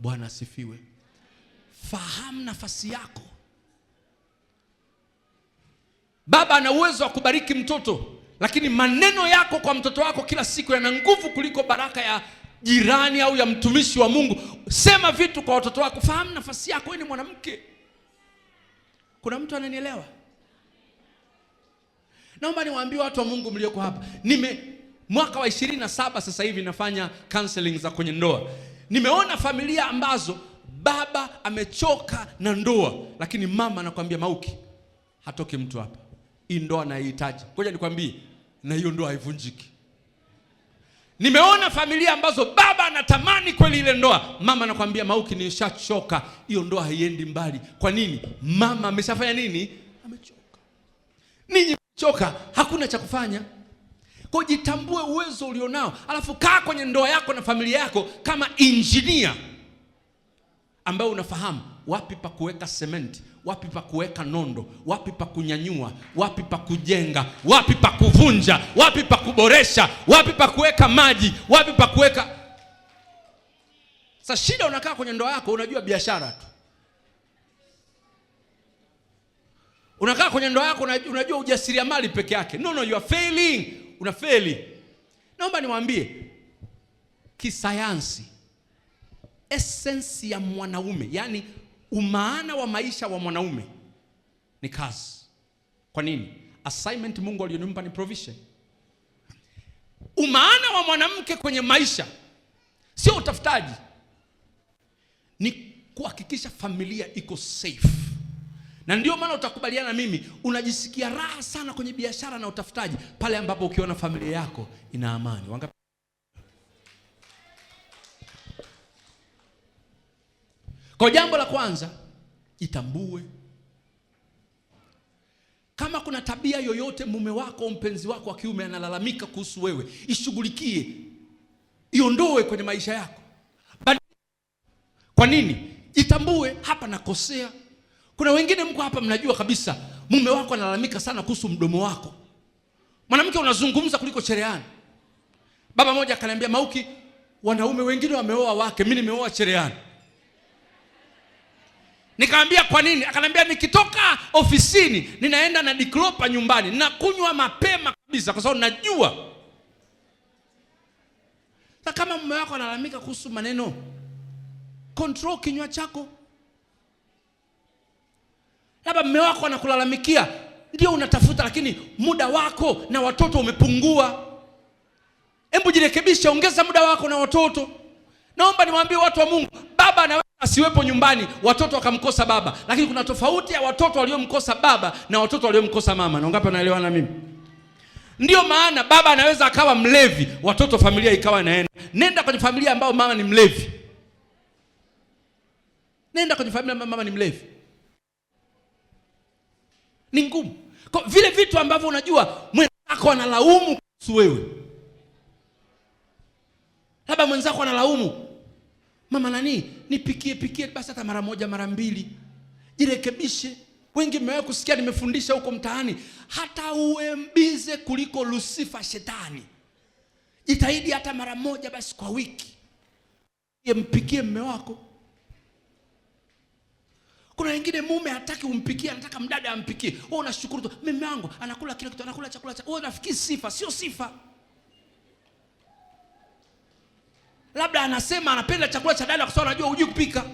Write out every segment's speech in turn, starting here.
Bwana asifiwe. Fahamu nafasi yako. Baba ana uwezo wa kubariki mtoto, lakini maneno yako kwa mtoto wako kila siku yana nguvu kuliko baraka ya jirani au ya mtumishi wa Mungu. Sema vitu kwa watoto wako, fahamu nafasi yako. Wewe ni mwanamke. Kuna mtu ananielewa? Naomba niwaambie watu wa Mungu mlioko hapa, nime mwaka wa 27 sasa hivi nafanya counseling za kwenye ndoa. Nimeona familia ambazo baba amechoka na ndoa, lakini mama anakuambia Mauki, hatoki mtu hapa, hii ndoa naihitaji. Ngoja nikwambie, na hiyo ndoa haivunjiki. Nimeona familia ambazo baba anatamani kweli ile ndoa, mama anakuambia Mauki, nishachoka, hiyo ndoa haiendi mbali. Kwa nini? Mama ameshafanya nini? Amechoka. Ninyi mchoka, hakuna cha kufanya. Kwa jitambue uwezo ulionao, alafu kaa kwenye ndoa yako na familia yako kama injinia ambaye unafahamu wapi pa kuweka sementi, wapi pa kuweka nondo, wapi pa kunyanyua, wapi pa kujenga, wapi pa kuvunja, wapi pa kuboresha, wapi pa kuweka maji, wapi pa kuweka. Sasa shida, unakaa kwenye ndoa yako unajua biashara tu, unakaa kwenye ndoa yako unajua ujasiriamali peke yake. No, no, you are failing unafeli. Naomba niwaambie kisayansi, essence ya mwanaume, yaani umaana wa maisha wa mwanaume ni kazi. Kwa nini? Assignment Mungu aliyonipa ni provision. Umaana wa mwanamke kwenye maisha sio utafutaji, ni kuhakikisha familia iko safe na ndio maana utakubaliana mimi, unajisikia raha sana kwenye biashara na utafutaji pale ambapo ukiona familia yako ina amani. Wangapi? Kwa jambo la kwanza, jitambue. Kama kuna tabia yoyote mume wako au mpenzi wako wa kiume analalamika kuhusu wewe, ishughulikie, iondoe kwenye maisha yako. Kwa nini? Jitambue, hapa nakosea kuna wengine mko hapa mnajua kabisa mume wako analalamika sana kuhusu mdomo wako. Mwanamke unazungumza kuliko cherehani. Baba moja akaniambia, Mauki, wanaume wengine wameoa wake, mimi nimeoa cherehani. Nikamwambia kwa nini? Akaniambia nikitoka ofisini ninaenda na diklopa nyumbani, nakunywa mapema kabisa kwa sababu najua. Kama mume wako analalamika kuhusu maneno, control kinywa chako labda mme wako anakulalamikia, ndio unatafuta, lakini muda wako na watoto umepungua. Hebu jirekebishe, ongeza muda wako na watoto. Naomba niwaambie watu wa Mungu, baba anaweza asiwepo nyumbani watoto wakamkosa baba, lakini kuna tofauti ya watoto waliomkosa baba na watoto waliomkosa mama. Na ngapi wanaelewana mimi? Ndiyo maana baba anaweza akawa mlevi, watoto familia ikawa inaenda. Nenda kwenye familia ambayo mama ni mlevi, nenda kwenye familia ambayo mama ni mlevi ni ngumu. Kwa vile vitu ambavyo unajua mwenzako analaumu kuhusu wewe, labda mwenzako analaumu, mama nani, nipikie pikie basi hata mara moja mara mbili, jirekebishe. Wengi mmewahi kusikia, nimefundisha huko mtaani, hata uembize kuliko Lusifa shetani, jitahidi hata mara moja basi kwa wiki, mpikie mme wako kuna wengine mume hataki umpikie, anataka mdada ampikie. Wewe unashukuru tu, mume wangu anakula kila kitu, anakula chakula cha. Wewe unafikiri sifa, sio sifa. Labda anasema anapenda chakula cha dada kwa sababu anajua hujui kupika.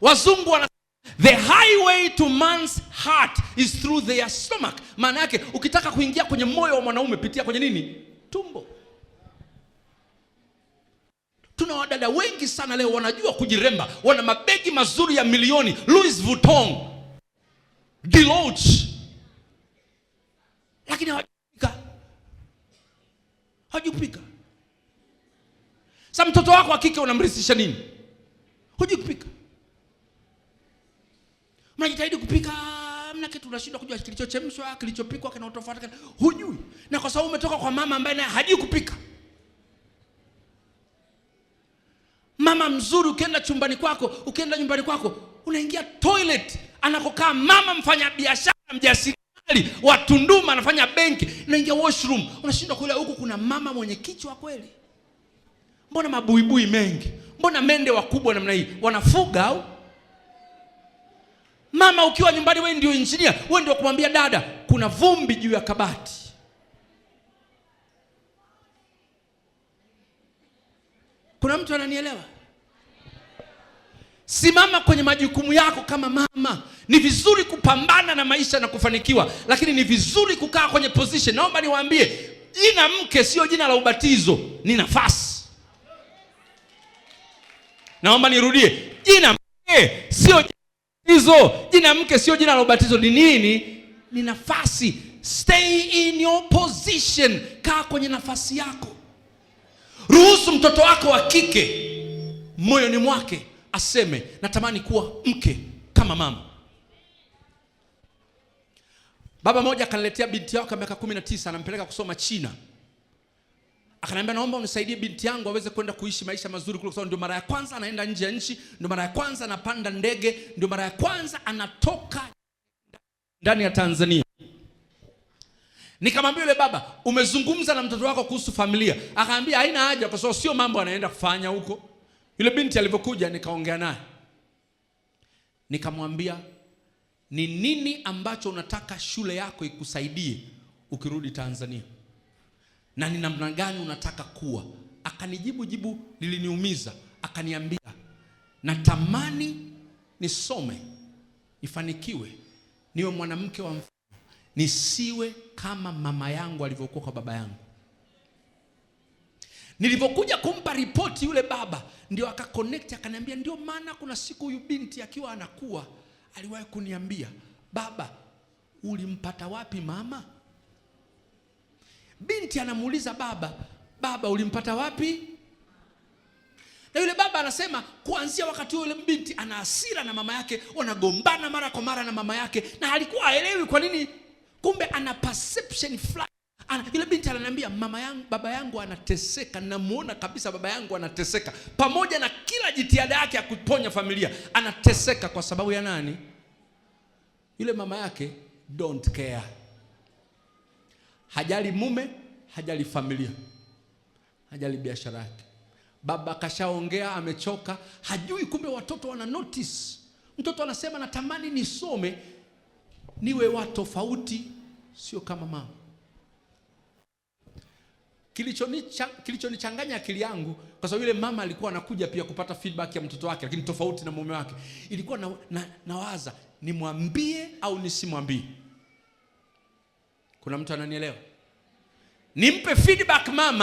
Wazungu wana The highway to man's heart is through their stomach. Maana yake ukitaka kuingia kwenye moyo wa mwanaume pitia kwenye nini? Tumbo. Tuna wadada wengi sana leo wanajua kujiremba, wana mabegi mazuri ya milioni, Louis Vuitton, Diloch, lakini hawajupika, hawajupika. Sasa mtoto wako wa kike unamrithisha nini? Hujui kupika, mnajitahidi kupika mna kitu unashindwa kujua kilichochemshwa, kilichopikwa, kinaotofuata, hujui. Na kwa sababu umetoka kwa mama ambaye naye hajui kupika mama mzuri, ukienda chumbani kwako, ukienda nyumbani kwako, unaingia toilet anakokaa mama biashara mjasiriamali wa Tunduma, anafanya benki, unaingia washroom, unashindwa kuelewa huku kuna mama mwenye kichwa kweli? Mbona mabuibui mengi? Mbona mende wakubwa namna hii? Wanafuga au? Mama ukiwa nyumbani, wewe ndio injinia, wewe ndio kumwambia dada, kuna vumbi juu ya kabati. Kuna mtu ananielewa? Simama kwenye majukumu yako kama mama. Ni vizuri kupambana na maisha na kufanikiwa, lakini ni vizuri kukaa kwenye position. Naomba niwaambie, jina mke sio jina la ubatizo, ni nafasi. Naomba nirudie, jina mke sio jina la ubatizo, jina mke sio jina la ubatizo. Ni nini? Ni nafasi. Stay in your position, kaa kwenye nafasi yako. Ruhusu mtoto wako wa kike moyoni mwake aseme natamani kuwa mke kama mama. Baba moja akaniletea binti yao miaka kumi na tisa, anampeleka kusoma China. Akaniambia, naomba unisaidie binti yangu aweze kwenda kuishi maisha mazuri kule, kwa sababu ndio mara ya kwanza anaenda nje ya nchi, ndio mara ya kwanza anapanda ndege, ndio mara ya kwanza anatoka ndani ya Tanzania. Nikamwambia yule baba, umezungumza na mtoto wako kuhusu familia? Akaambia haina haja, kwa sababu sio mambo anaenda kufanya huko yule binti alivyokuja nikaongea naye, nikamwambia ni nini ambacho unataka shule yako ikusaidie ukirudi Tanzania na ni namna gani unataka kuwa. Akanijibu jibu liliniumiza, akaniambia natamani nisome, nifanikiwe, niwe mwanamke wa mfano, nisiwe kama mama yangu alivyokuwa kwa baba yangu. Nilivyokuja kumpa ripoti yule baba ndio akaconnect akaniambia, ndio maana kuna siku huyu binti akiwa anakuwa aliwahi kuniambia, baba, ulimpata wapi mama? Binti anamuuliza baba, baba, ulimpata wapi? Na yule baba anasema kuanzia wakati yule binti ana hasira na mama yake, wanagombana mara kwa mara na mama yake, na alikuwa haelewi kwa nini. Kumbe ana perception fulani ana, yule binti ananiambia mama yangu, baba yangu anateseka, namuona kabisa baba yangu anateseka, pamoja na kila jitihada yake ya kuponya familia, anateseka kwa sababu ya nani? Yule mama yake don't care, hajali mume, hajali familia, hajali biashara yake. Baba kashaongea, amechoka, hajui kumbe watoto wana notice. Mtoto anasema natamani nisome niwe wa tofauti, sio kama mama Kilichonichanganya akili yangu kwa sababu yule mama alikuwa anakuja pia kupata feedback ya mtoto wake, lakini tofauti na mume wake. Ilikuwa na, na, nawaza nimwambie au nisimwambie. Kuna mtu ananielewa? Nimpe feedback mama